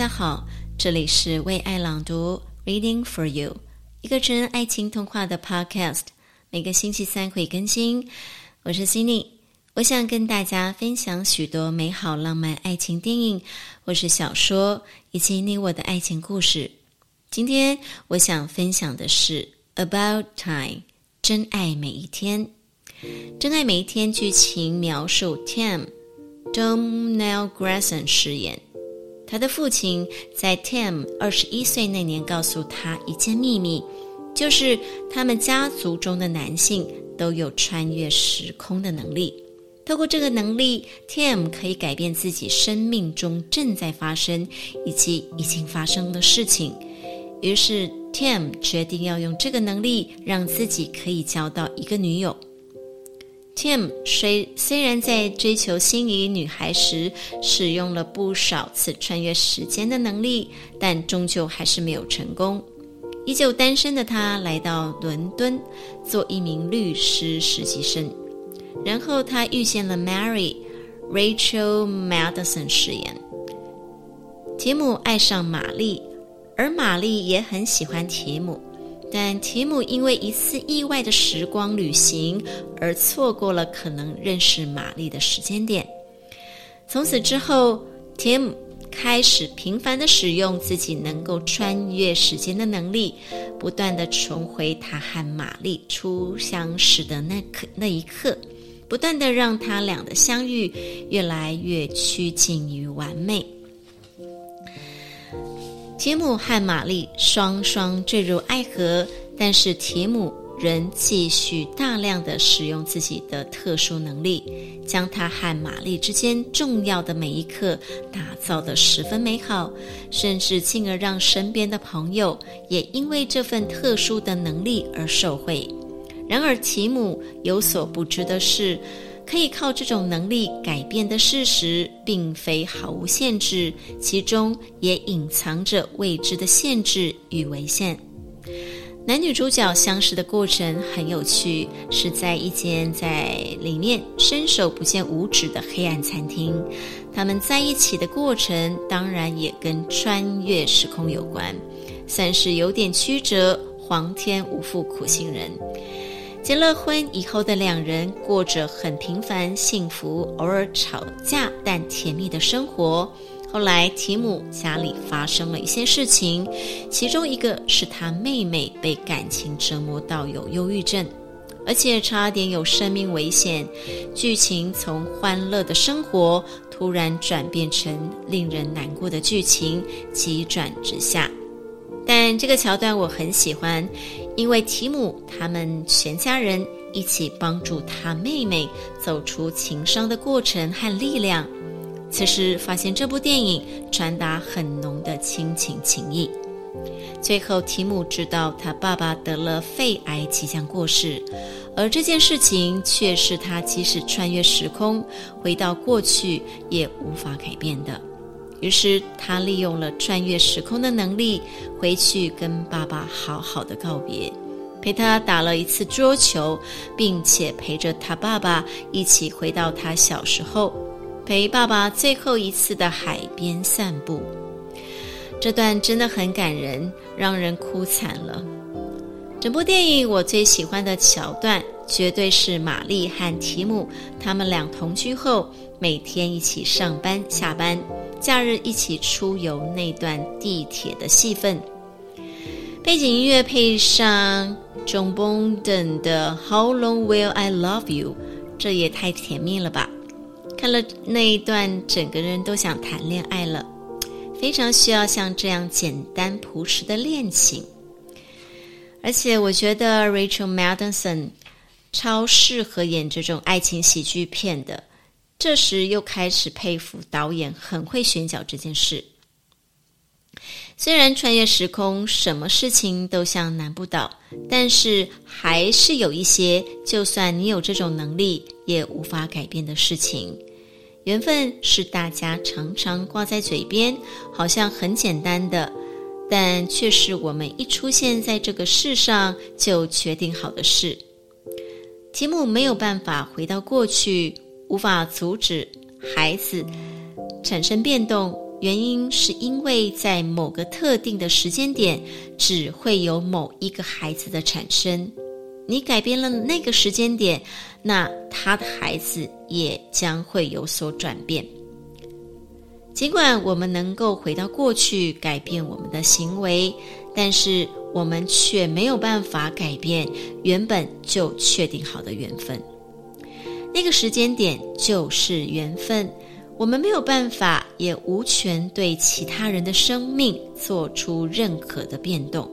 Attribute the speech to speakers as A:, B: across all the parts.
A: 大家好，這裡是為愛朗讀 （Reading for You），一個純愛情童話的 Podcast，每個星期三會更新。我是 Cindy，我想跟大家分享許多美好浪漫愛情電影或是小說以及你我的愛情故事。今天我想分享的是《About Time》，真愛每一天，《真愛每一天》劇情描述，Tim Domhnall Gleeson 飾演。他的父親在 Tim 二十一歲那年告訴他一件秘密，就是他們家族中的男性都有穿越時空的能力。透過這個能力，Tim 可以改變自己生命中正在發生以及已經發生的事情。於是，Tim 決定要用這個能力讓自己可以交到一個女友。Tim 雖雖然在追求心儀女孩時使用了不少次穿越時間的能力，但終究還是沒有成功。依舊單身的他來到倫敦做一名律師實習生，然後他遇見了 Mary Rachel Madison 飾演。提姆愛上瑪麗，而瑪麗也很喜歡提姆。但提姆因為一次意外的時光旅行，而錯過了可能認識瑪麗的時間點。從此之後，提姆開始頻繁的使用自己能夠穿越時間的能力，不斷的重回他和瑪麗初相識的那刻那一刻，不斷的讓他倆的相遇越來越趨近於完美。提姆和瑪麗雙雙墜入愛河，但是提姆仍繼續大量地使用自己的特殊能力，將他和瑪麗之間重要的每一刻打造得十分美好，甚至進而讓身邊的朋友也因為這份特殊的能力而受惠。然而提姆有所不知的是，可以靠這種能力改變的事實，並非毫無限制，其中也隱藏着未知的限制與危險。男女主角相識的過程很有趣，是在一間在裡面伸手不見五指的黑暗餐廳。他們在一起的過程，當然也跟穿越時空有關，算是有點曲折。皇天不負苦心人。結了婚以後的兩人過着很平凡、幸福、偶爾吵架但甜蜜的生活。後來，提姆家裡發生了一些事情，其中一個是他妹妹被感情折磨到有憂鬱症，而且差點有生命危險。劇情從歡樂的生活突然轉變成令人難過的劇情，急轉直下。但這個橋段我很喜歡。因為提姆他們全家人一起幫助他妹妹走出情傷的過程和力量，此時發現這部電影傳達很濃的親情情誼。最後，提姆知道他爸爸得了肺癌即將過世，而這件事情卻是他即使穿越時空回到過去也無法改變的。於是他利用了穿越時空的能力，回去跟爸爸好好的告別，陪他打了一次桌球，並且陪着他爸爸一起回到他小時候，陪爸爸最後一次的海邊散步。這段真的很感人，讓人哭慘了。整部電影我最喜歡的橋段，絕對是瑪麗和提姆他們倆同居後，每天一起上班下班，假日一起出遊，那段地鐵的戲份，背景音樂配上 Jon Boden 等的 "How Long Will I Love You"，這也太甜蜜了吧！看了那一段，整個人都想談戀愛了，非常需要像這樣簡單樸實的戀情。而且我覺得 Rachel McAdams 超適合演這種愛情喜劇片的。這時又開始佩服導演很會選角這件事。雖然穿越時空什麼事情都像難不倒，但是還是有一些就算你有這種能力也無法改變的事情。緣分是大家常常掛在嘴邊，好像很簡單的，但卻是我們一出現在這個世上就決定好的事。Tim 沒有辦法回到過去。無法阻止孩子產生變動，原因是因為在某個特定的時間點，只會有某一個孩子的產生。你改變了那個時間點，那他的孩子也將會有所轉變。儘管我們能夠回到過去改變我們的行為，但是我們卻沒有辦法改變原本就確定好的緣分。那個時間點就是緣分，我們沒有辦法，也無權對其他人的生命做出任何的變動。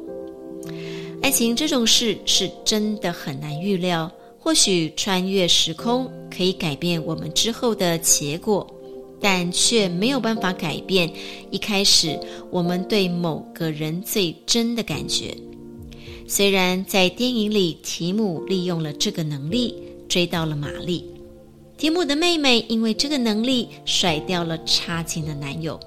A: 愛情這種事是真的很難預料，或許穿越時空可以改變我們之後的結果，但卻沒有辦法改變一開始我們對某個人最真的感覺。雖然在電影裡，提姆利用了這個能力。追到了瑪麗，提姆的妹妹因為這個能力甩掉了差勁的男友，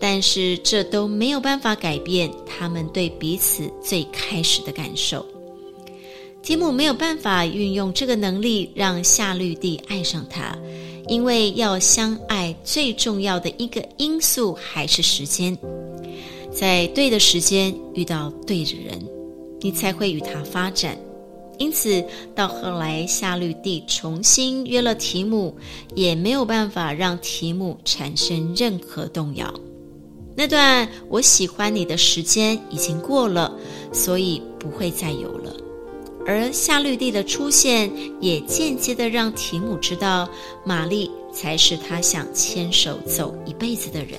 A: 但是這都沒有辦法改變他們對彼此最開始的感受。提姆沒有辦法運用這個能力讓夏綠蒂愛上他，因為要相愛最重要的一個因素還是時間，在對的時間遇到對的人，你才會與他發展。因此，到後來，夏綠蒂重新約了提姆，也沒有辦法讓提姆產生任何動搖。那段我喜歡你的時間已經過了，所以不會再有了。而夏綠蒂的出現，也間接的讓提姆知道，瑪麗才是他想牽手走一輩子的人。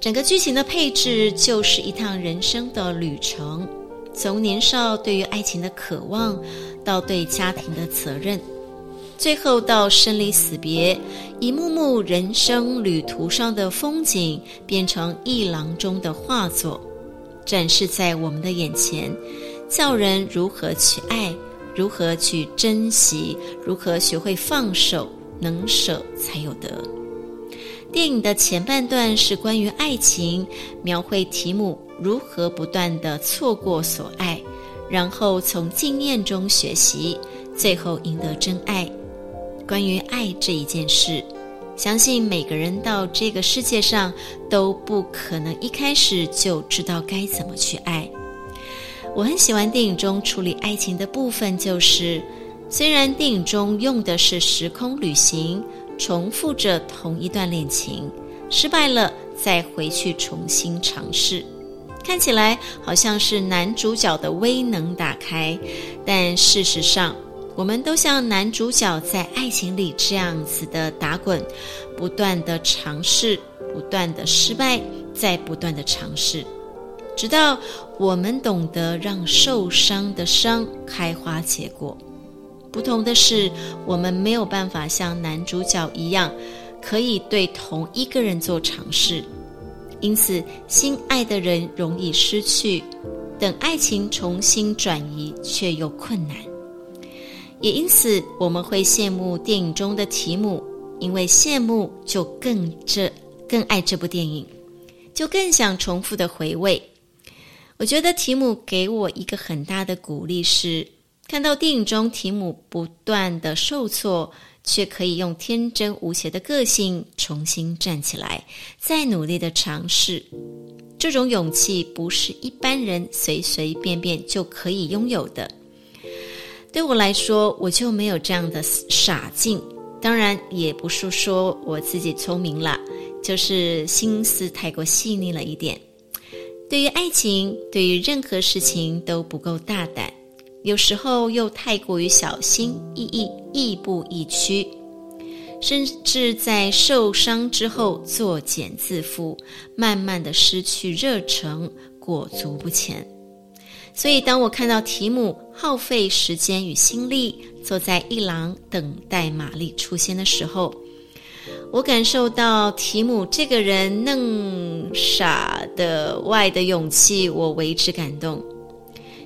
A: 整個劇情的配置，就是一趟人生的旅程。從年少對於愛情的渴望，到對家庭的責任，最後到生離死別，一幕幕人生旅途上的風景，變成一郎中的畫作，展示在我們的眼前，教人如何去愛，如何去珍惜，如何學會放手，能捨才有得。電影的前半段是關於愛情，描繪提姆。如何不斷地錯過所愛，然後從經驗中學習，最後贏得真愛？關於愛這一件事，相信每個人到這個世界上都不可能一開始就知道該怎麼去愛。我很喜歡電影中處理愛情的部分，就是雖然電影中用的是時空旅行，重複着同一段戀情，失敗了再回去重新嘗試。看起來好像是男主角的威能打開，但事實上，我們都像男主角在愛情裡這樣子的打滾，不斷的嘗試，不斷的失敗，再不斷的嘗試，直到我們懂得讓受傷的傷開花結果。不同的是，我們沒有辦法像男主角一樣，可以對同一個人做嘗試。因此，心愛的人容易失去，等愛情重新轉移卻又困難。也因此，我們會羨慕電影中的提姆，因為羨慕就更這更愛這部電影，就更想重複的回味。我覺得提姆給我一個很大的鼓勵是，看到電影中提姆不斷的受挫。卻可以用天真無邪的個性重新站起來，再努力的嘗試。這種勇氣不是一般人隨隨便便就可以擁有的。對我來說，我就沒有這樣的傻勁。當然，也不是說我自己聰明了，就是心思太過細膩了一點。對於愛情，對於任何事情都不夠大膽。有時候又太過於小心翼翼，亦步亦趨，甚至在受傷之後作繭自縛，慢慢的失去熱誠，裹足不前。所以，當我看到提姆耗費時間與心力坐在一旁等待瑪麗出現的時候，我感受到提姆這個人嫩傻的外的勇氣，我為之感動。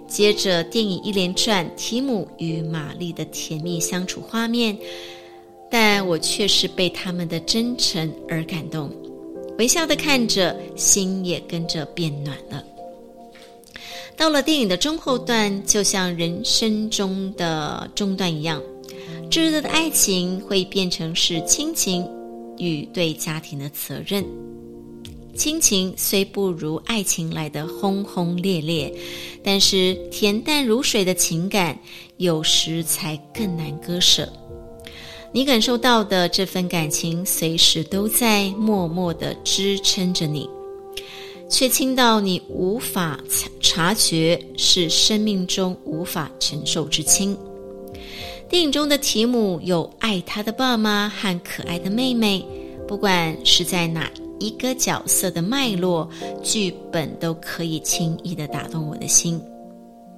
A: 接着電影一連串，提姆與瑪麗的甜蜜相處畫面，但我卻是被他們的真誠而感動，微笑地看着，心也跟着變暖了。到了電影的中後段，就像人生中的中段一樣，炙熱的愛情會變成是親情與對家庭的責任。親情雖不如愛情來得轟轟烈烈，但是恬淡如水的情感，有時才更難割捨。你感受到的這份感情，隨時都在默默地支撐着你，卻輕到你無法察覺，是生命中無法承受之輕。電影中的提姆有“愛他的爸媽”和“可愛的妹妹”，不管是在哪，一個角色的脈絡，劇本都可以輕易地打動我的心。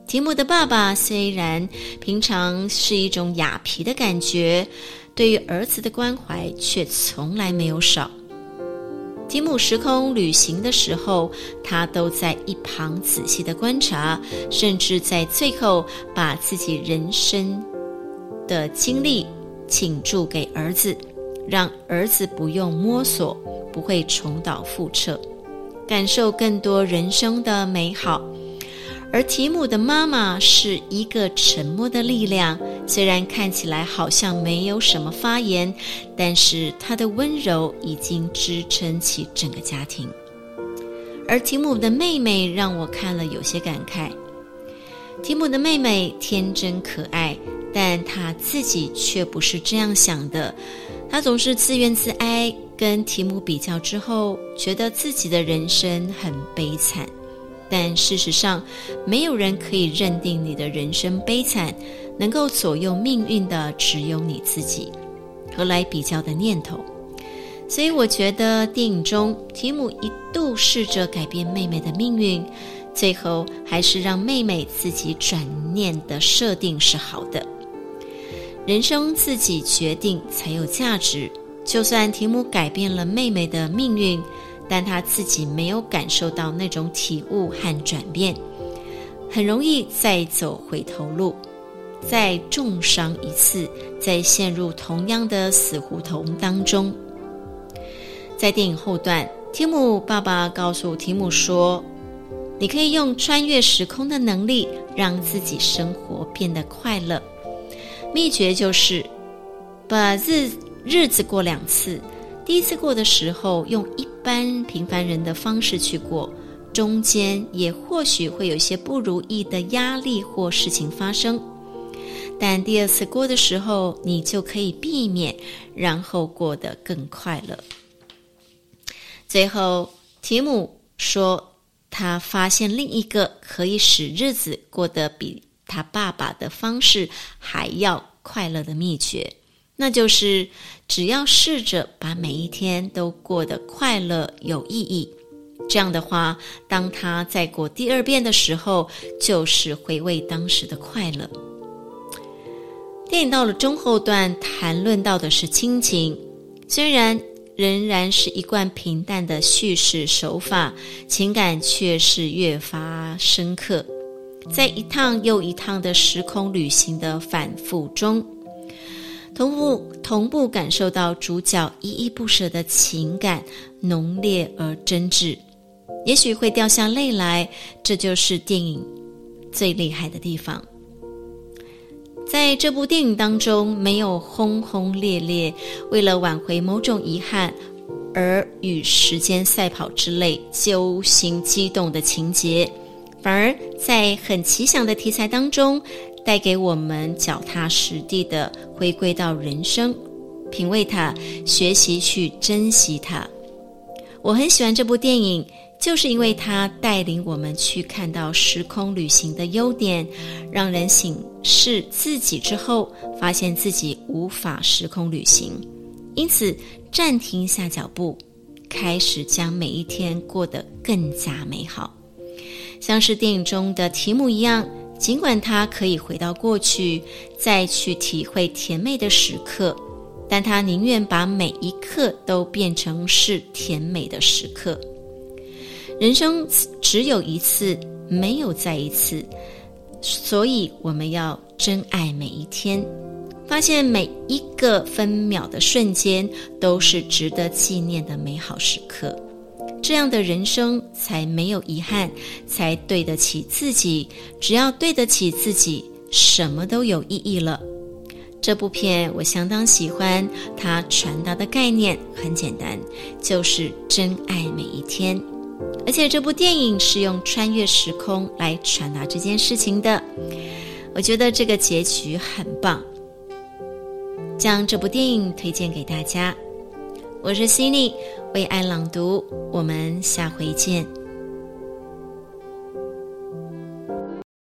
A: 提姆的爸爸雖然平常是一種雅痞的感覺，對於兒子的關懷卻從來沒有少。提姆時空旅行的時候，他都在一旁仔細地觀察，甚至在最後把自己人生的經歷傾注給兒子，讓兒子不用摸索。不會重蹈覆轍，感受更多人生的美好。而提姆的媽媽是一個沉默的力量，雖然看起來好像沒有什麼發言，但是她的溫柔已經支撐起整個家庭。而提姆的妹妹讓我看了有些感慨。提姆的妹妹天真可愛，但她自己卻不是這樣想的，她總是自怨自艾。跟提姆比較之後，覺得自己的人生很悲慘，但事實上，沒有人可以認定你的人生悲慘。能夠左右命運的只有你自己，何來比較的念頭？所以，我覺得電影中提姆一度試着改變妹妹的命運，最後還是讓妹妹自己轉念的設定是好的。人生自己決定才有價值。就算提姆改變了妹妹的命運，但他自己沒有感受到那種體悟和轉變，很容易再走回頭路，再重傷一次，再陷入同樣的死胡同當中。在電影後段，提姆爸爸告訴提姆說：“你可以用穿越時空的能力，讓自己生活變得快樂。秘訣就是把自。日子過兩次，第一次過的時候，用一般平凡人的方式去過，中間也或許會有些不如意的壓力或事情發生，但第二次過的時候，你就可以避免，然後過得更快樂。最後，提姆說他發現另一個可以使日子過得比他爸爸的方式還要快樂的秘訣。那就是，只要試着把每一天都過得快樂有意義，這樣的話，當他再過第二遍的時候，就是回味當時的快樂。電影到了中後段，談論到的是親情，雖然仍然是一貫平淡的敘事手法，情感卻是越發深刻。在一趟又一趟的時空旅行的反覆中。同步同步感受到主角依依不捨的情感，濃烈而真摯，也許會掉下淚來。這就是電影最厲害的地方。在這部電影當中，沒有轟轟烈烈為了挽回某種遺憾而與時間賽跑之類揪心激動的情節，反而在很奇想的題材當中。帶給我們腳踏實地的回歸到人生，品味它，學習去珍惜它。我很喜歡這部電影，就是因為它帶領我們去看到時空旅行的優點，讓人省視自己之後，發現自己無法時空旅行，因此暫停一下腳步，開始將每一天過得更加美好，像是電影中的題目一樣。儘管他可以回到過去，再去體會甜美的時刻，但他寧願把每一刻都變成是甜美的時刻。人生只有一次，沒有再一次，所以我們要珍愛每一天，發現每一個分秒的瞬間都是值得紀念的美好時刻。這樣的人生才沒有遺憾，才對得起自己。只要對得起自己，什麼都有意義了。這部片我相當喜歡，它傳達的概念很簡單，就是真愛每一天。而且這部電影是用穿越時空來傳達這件事情的。我覺得這個結局很棒，將這部電影推薦給大家。我是希尼，為愛朗讀，我們下回見。